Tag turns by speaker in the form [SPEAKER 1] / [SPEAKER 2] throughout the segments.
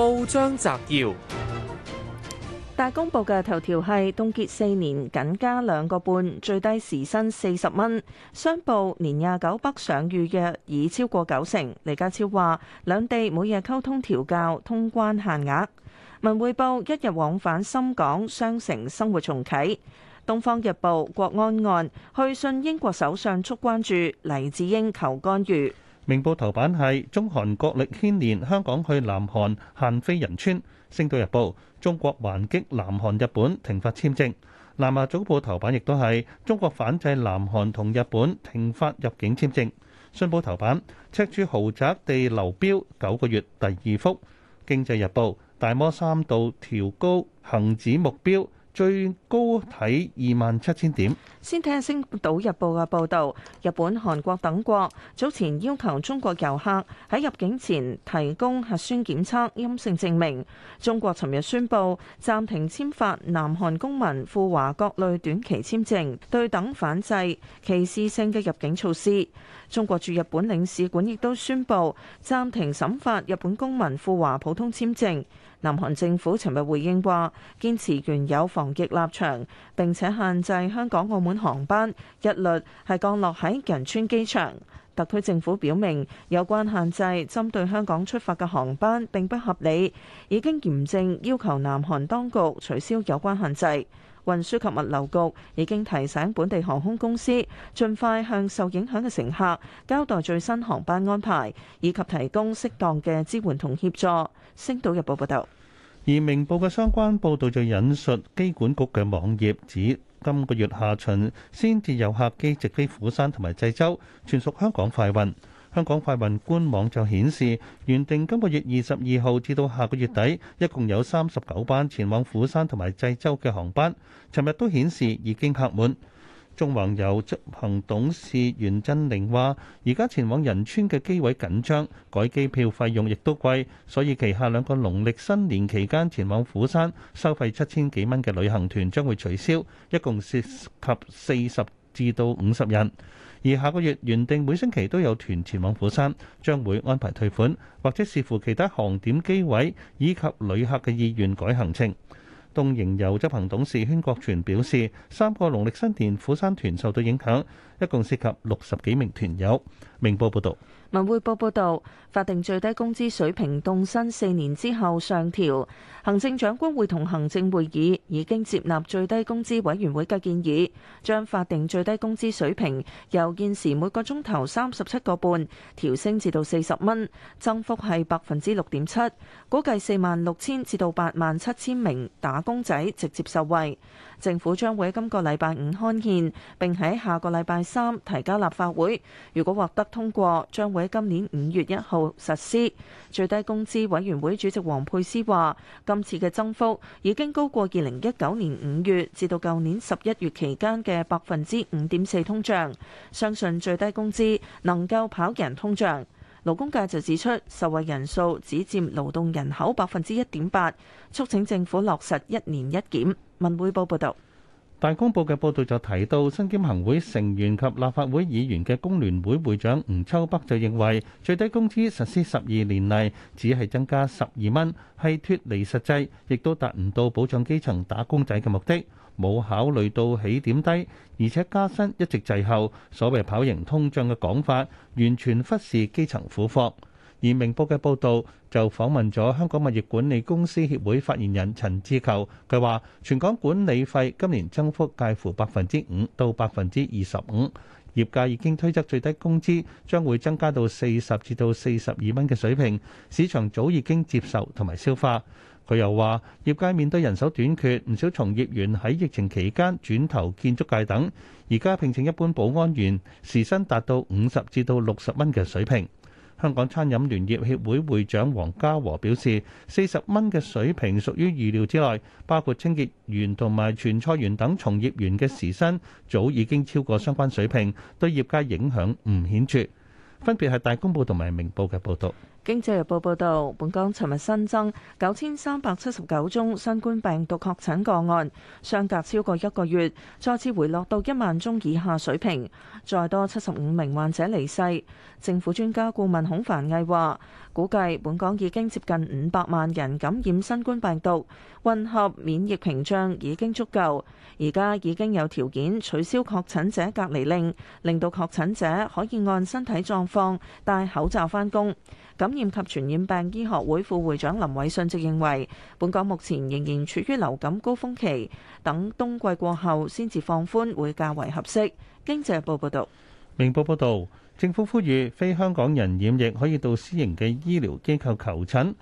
[SPEAKER 1] 報章摘要：大公報嘅頭條係凍結四年，僅加兩個半，最低時薪四十蚊。商報年廿九北上預約已超過九成。李家超話兩地每日溝通調教，通關限額。文匯報一日往返深港，雙城生活重啟。東方日報國安案，去信英國首相促關注，黎智英求干預。
[SPEAKER 2] 明報頭版係中韓國力牽連，香港去南韓限飛人村。星島日報中國還擊南韓日本停發簽證。南華早報頭版亦都係中國反制南韓同日本停發入境簽證。信報頭版赤柱豪宅地流標九個月第二幅。經濟日報大摩三度調高恆指目標。最高睇二萬七千點。
[SPEAKER 1] 先聽下《星島日報》嘅報導，日本、韓國等國早前要求中國遊客喺入境前提供核酸檢測陰性證明。中國尋日宣布暫停簽發南韓公民赴華各類短期簽證，對等反制歧視性嘅入境措施。中國駐日本領事館亦都宣布暫停審發日本公民赴華普通簽證。南韓政府尋日回應話，堅持原有防疫立場，並且限制香港、澳門航班一律係降落喺仁川機場。特區政府表明，有關限制針對香港出發嘅航班並不合理，已經嚴正要求南韓當局取消有關限制。運輸及物流局已經提醒本地航空公司，盡快向受影響嘅乘客交代最新航班安排，以及提供適當嘅支援同協助。星島日報報道，
[SPEAKER 2] 而明報嘅相關報道就引述機管局嘅網頁，指今個月下旬先至有客機直飛釜山同埋濟州，全屬香港快運。香港快運官網就顯示，原定今個月二十二號至到下個月底，一共有三十九班前往釜山同埋濟州嘅航班。尋日都顯示已經客滿。中環遊執行董事袁振寧話，而家前往仁川嘅機位緊張，改機票費用亦都貴，所以旗下兩個農曆新年期間前往釜山收費七千幾蚊嘅旅行團將會取消，一共涉及四十至到五十人，而下個月原定每星期都有團前往釜山，將會安排退款或者視乎其他航點機位以及旅客嘅意願改行程。東瀛遊執行董事禤國全表示，三個農曆新年釜山團受到影響。一共涉及六十幾名團友。明報報導。
[SPEAKER 1] 文匯報報導，法定最低工資水平凍薪四年之後上調，行政長官會同行政會議已經接納最低工資委員會嘅建議，將法定最低工資水平由現時每個鐘頭三十七個半調升至到四十蚊，增幅係百分之六點七，估計四萬六千至到八萬七千名打工仔直接受惠。政府將會喺今個禮拜五刊憲，並喺下個禮拜三提交立法會，如果獲得通過，將會喺今年五月一號實施。最低工資委員會主席王佩斯話，今次嘅增幅已經高過二零一九年五月至到舊年十一月期間嘅百分之五點四通脹，相信最低工資能夠跑贏通脹。勞工界就指出，受惠人數只佔勞動人口百分之一點八，促請政府落實一年一檢。文匯報報道。大公
[SPEAKER 2] 報嘅報道就提到，身兼行會成員及立法會議員嘅工聯會會長吳秋北就認為，最低工資實施十二年嚟，只係增加十二蚊，係脫離實際，亦都達唔到保障基層打工仔嘅目的。冇考慮到起點低，而且加薪一直滯後，所謂跑贏通脹嘅講法，完全忽視基層苦況。而明報嘅報導就訪問咗香港物業管理公司協會發言人陳志求，佢話全港管理費今年增幅介乎百分之五到百分之二十五，業界已經推測最低工資將會增加到四十至到四十二蚊嘅水平，市場早已經接受同埋消化。佢又話，業界面對人手短缺，唔少從業員喺疫情期間轉投建築界等，而家聘請一般保安員時薪達到五十至到六十蚊嘅水平。香港餐飲聯業協會會長黃家和表示，四十蚊嘅水平屬於預料之內，包括清潔員同埋傳菜員等從業員嘅時薪早已經超過相關水平，對業界影響唔顯著。分別係大公報同埋明報嘅報道。
[SPEAKER 1] 經濟日報報道，本港尋日新增九千三百七十九宗新冠病毒確診個案，相隔超過一個月，再次回落到一萬宗以下水平，再多七十五名患者離世。政府專家顧問孔繁毅話，估計本港已經接近五百萬人感染新冠病毒，混合免疫屏障已經足夠，而家已經有條件取消確診者隔離令，令到確診者可以按身體狀況戴口罩返工。咁感染及傳染病醫學會副會長林偉信就認為，本港目前仍然處於流感高峰期，等冬季過後先至放寬會較為合適。經濟報報道，
[SPEAKER 2] 明報報道，政府呼籲非香港人染疫可以到私營嘅醫療機構求診。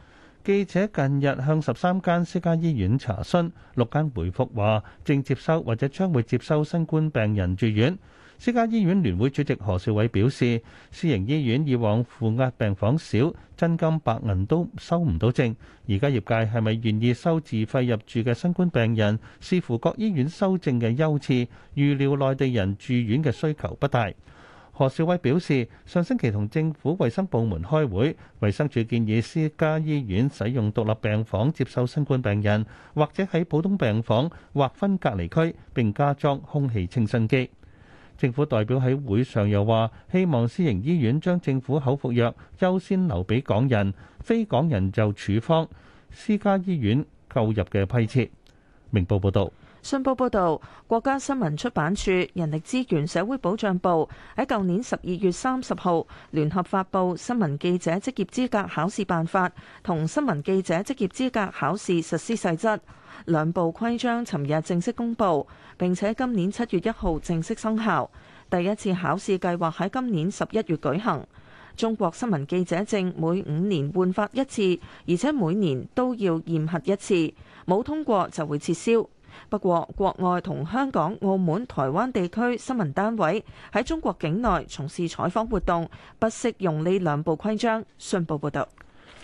[SPEAKER 2] 記者近日向十三間私家醫院查詢，六間回覆話正接收或者將會接收新冠病人住院。私家醫院聯會主席何兆煒表示，私營醫院以往負壓病房少，真金白銀都收唔到症。而家業界係咪願意收自費入住嘅新冠病人，視乎各醫院收症嘅優次。預料內地人住院嘅需求不大。何少偉表示，上星期同政府衛生部門開會，衛生署建議私家醫院使用獨立病房接受新冠病人，或者喺普通病房劃分隔離區並加裝空氣清新機。政府代表喺會上又話，希望私營醫院將政府口服藥優先留俾港人，非港人就處方私家醫院購入嘅批次。明報報道。
[SPEAKER 1] 新報報導，國家新聞出版署、人力資源社會保障部喺舊年十二月三十號聯合發布《新聞記者職業資格考試辦法》同《新聞記者職業資格考試實施細則》兩部規章，尋日正式公佈，並且今年七月一號正式生效。第一次考試計劃喺今年十一月舉行。中國新聞記者證每五年換發一次，而且每年都要驗核一次，冇通過就會撤銷。不過，國外同香港、澳門、台灣地區新聞單位喺中國境內從事採訪活動，不適用呢兩部規章。信報報道：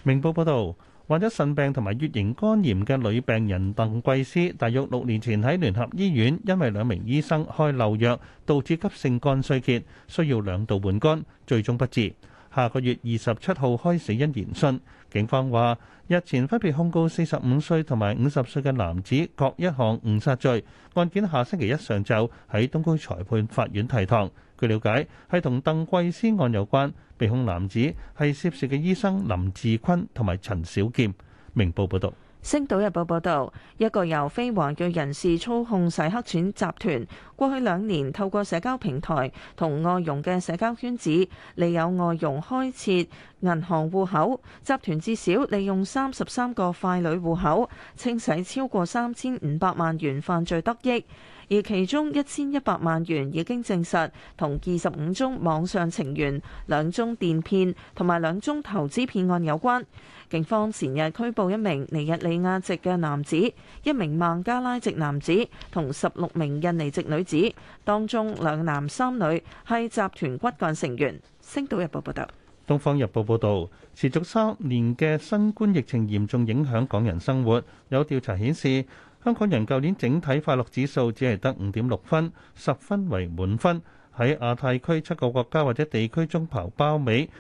[SPEAKER 2] 明報報道，患有腎病同埋乙型肝炎嘅女病人鄧桂思，大約六年前喺聯合醫院，因為兩名醫生開漏藥，導致急性肝衰竭，需要兩度換肝，最終不治。下個月二十七號開死因研訊。警方話，日前分別控告四十五歲同埋五十歲嘅男子各一項誤殺罪。案件下星期一上晝喺東區裁判法院提堂。據了解，係同鄧桂思案有關。被控男子係涉事嘅醫生林志坤同埋陳小劍。明報報道。
[SPEAKER 1] 星島日報報道，一個由非華裔人士操控洗黑錢集團，過去兩年透過社交平台同外傭嘅社交圈子，利誘外傭開設銀行戶口，集團至少利用三十三個傀儡戶口，清洗超過三千五百萬元犯罪得益。而其中一千一百萬元已經證實同二十五宗網上情緣、兩宗電騙同埋兩宗投資騙案有關。警方前日拘捕一名尼日利亞籍嘅男子、一名孟加拉籍男子同十六名印尼籍女子，當中兩男三女係集團骨幹成員。星島日報報道。
[SPEAKER 2] 《東方日報》報道，持續三年嘅新冠疫情嚴重影響港人生活，有調查顯示，香港人舊年整體快樂指數只係得五點六分，十分為滿分，喺亞太區七個國家或者地區中跑包尾。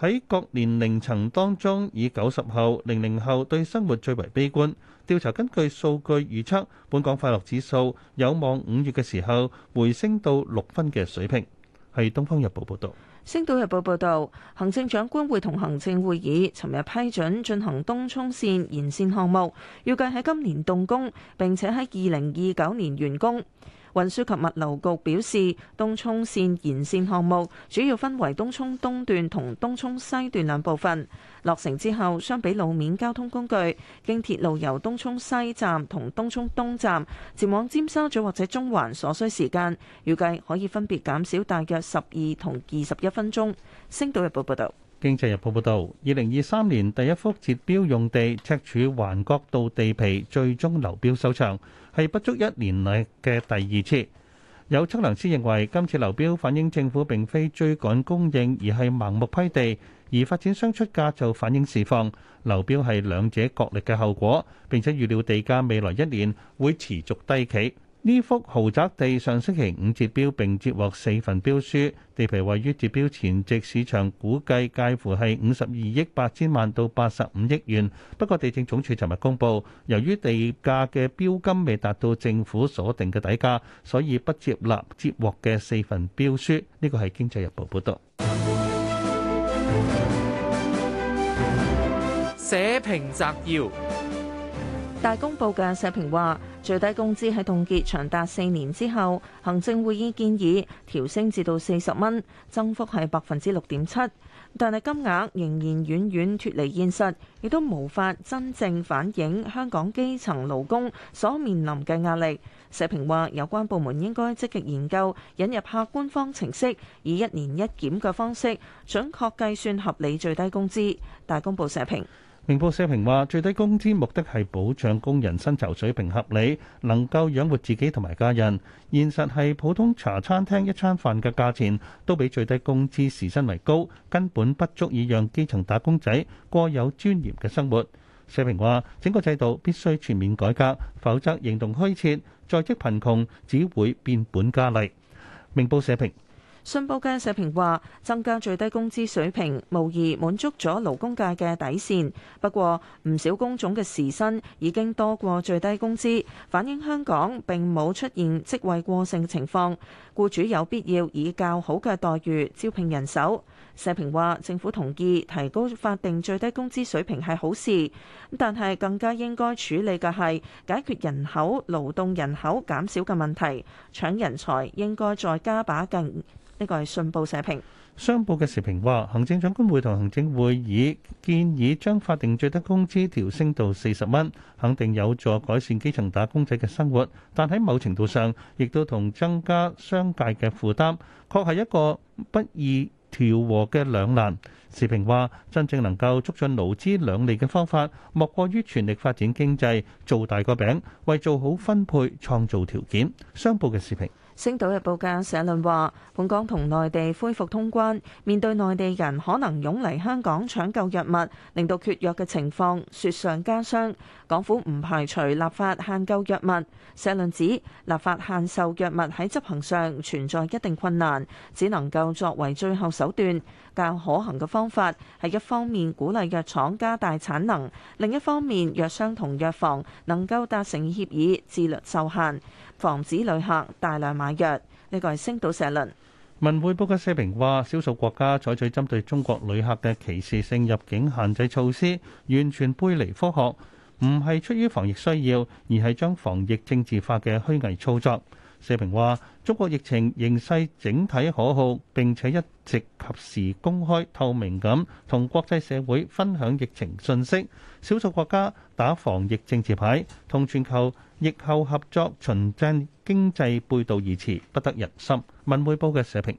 [SPEAKER 2] 喺各年齡層當中，以九十後、零零後對生活最為悲觀。調查根據數據預測，本港快樂指數有望五月嘅時候回升到六分嘅水平。係《東方日報》報道。
[SPEAKER 1] 《星島日報》報導，行政長官會同行政會議尋日批准進行東涌線延線項目，預計喺今年動工，並且喺二零二九年完工。運輸及物流局表示，東涌綫延綫項目主要分為東涌東段同東涌西段兩部分。落成之後，相比路面交通工具，經鐵路由東涌西站同東涌東站前往尖沙咀或者中環所需時間，預計可以分別減少大約十二同二十一分鐘。星島日報報道。
[SPEAKER 2] 經濟日報報道，二零二三年第一幅截標用地——赤柱環角道地皮，最終流標收場，係不足一年內嘅第二次。有測量師認為，今次流標反映政府並非追趕供應，而係盲目批地；而發展商出價就反映釋放流標係兩者角力嘅後果，並且預料地價未來一年會持續低企。呢幅豪宅地上星期五截標，並接獲四份標書。地皮位於截標前夕，市場估計介乎係五十二億八千萬到八十五億元。不過，地政總署尋日公布，由於地價嘅標金未達到政府鎖定嘅底價，所以不接納接獲嘅四份標書。呢個係《經濟日報》報道。社評摘要：
[SPEAKER 1] 大公報嘅社評話。最低工資喺凍結長達四年之後，行政會議建議調升至到四十蚊，增幅係百分之六點七，但係金額仍然遠遠脱離現實，亦都無法真正反映香港基層勞工所面臨嘅壓力。社評話，有關部門應該積極研究引入客觀方程式，以一年一檢嘅方式準確計算合理最低工資。大公報社評。
[SPEAKER 2] 明報社評話，最低工資目的係保障工人薪酬水平合理，能夠養活自己同埋家人，現實係普通茶餐廳一餐飯嘅價錢都比最低工資時薪為高，根本不足以讓基層打工仔過有尊嚴嘅生活。社評話，整個制度必須全面改革，否則形同虛設，在職貧窮只會變本加厲。明報社評。
[SPEAKER 1] 信報嘅社評話，增加最低工資水平，無疑滿足咗勞工界嘅底線。不過，唔少工種嘅時薪已經多過最低工資，反映香港並冇出現職位過剩情況。僱主有必要以較好嘅待遇招聘人手。社評話，政府同意提高法定最低工資水平係好事，但係更加應該處理嘅係解決人口、勞動人口減少嘅問題。搶人才應該再加把勁。呢個係信報社評，
[SPEAKER 2] 商報嘅時評話，行政長官會同行政會議建議將法定最低工資調升到四十蚊，肯定有助改善基層打工仔嘅生活，但喺某程度上，亦都同增加商界嘅負擔，確係一個不易調和嘅兩難。時評話，真正能夠促進勞資兩利嘅方法，莫過於全力發展經濟，做大個餅，為做好分配創造條件。商報嘅時評。
[SPEAKER 1] 星島日報嘅社論話，本港同內地恢復通關，面對內地人可能湧嚟香港搶購藥物，令到缺藥嘅情況雪上加霜。港府唔排除立法限購藥物。社論指，立法限售藥物喺執行上存在一定困難，只能夠作為最後手段。較可行嘅方法係一方面鼓勵藥廠加大產能，另一方面藥商同藥房能夠達成協議，自律受限。防止旅客大量買藥，呢個係星島社論。
[SPEAKER 2] 文匯報嘅社評話：少數國家採取針對中國旅客嘅歧視性入境限制措施，完全背離科學，唔係出於防疫需要，而係將防疫政治化嘅虛偽操作。社評話：中國疫情形勢整體可控，並且一直及時公開透明咁，同國際社會分享疫情信息。少數國家打防疫政治牌，同全球疫後合作、重振經濟背道而馳，不得人心。文匯報嘅社評。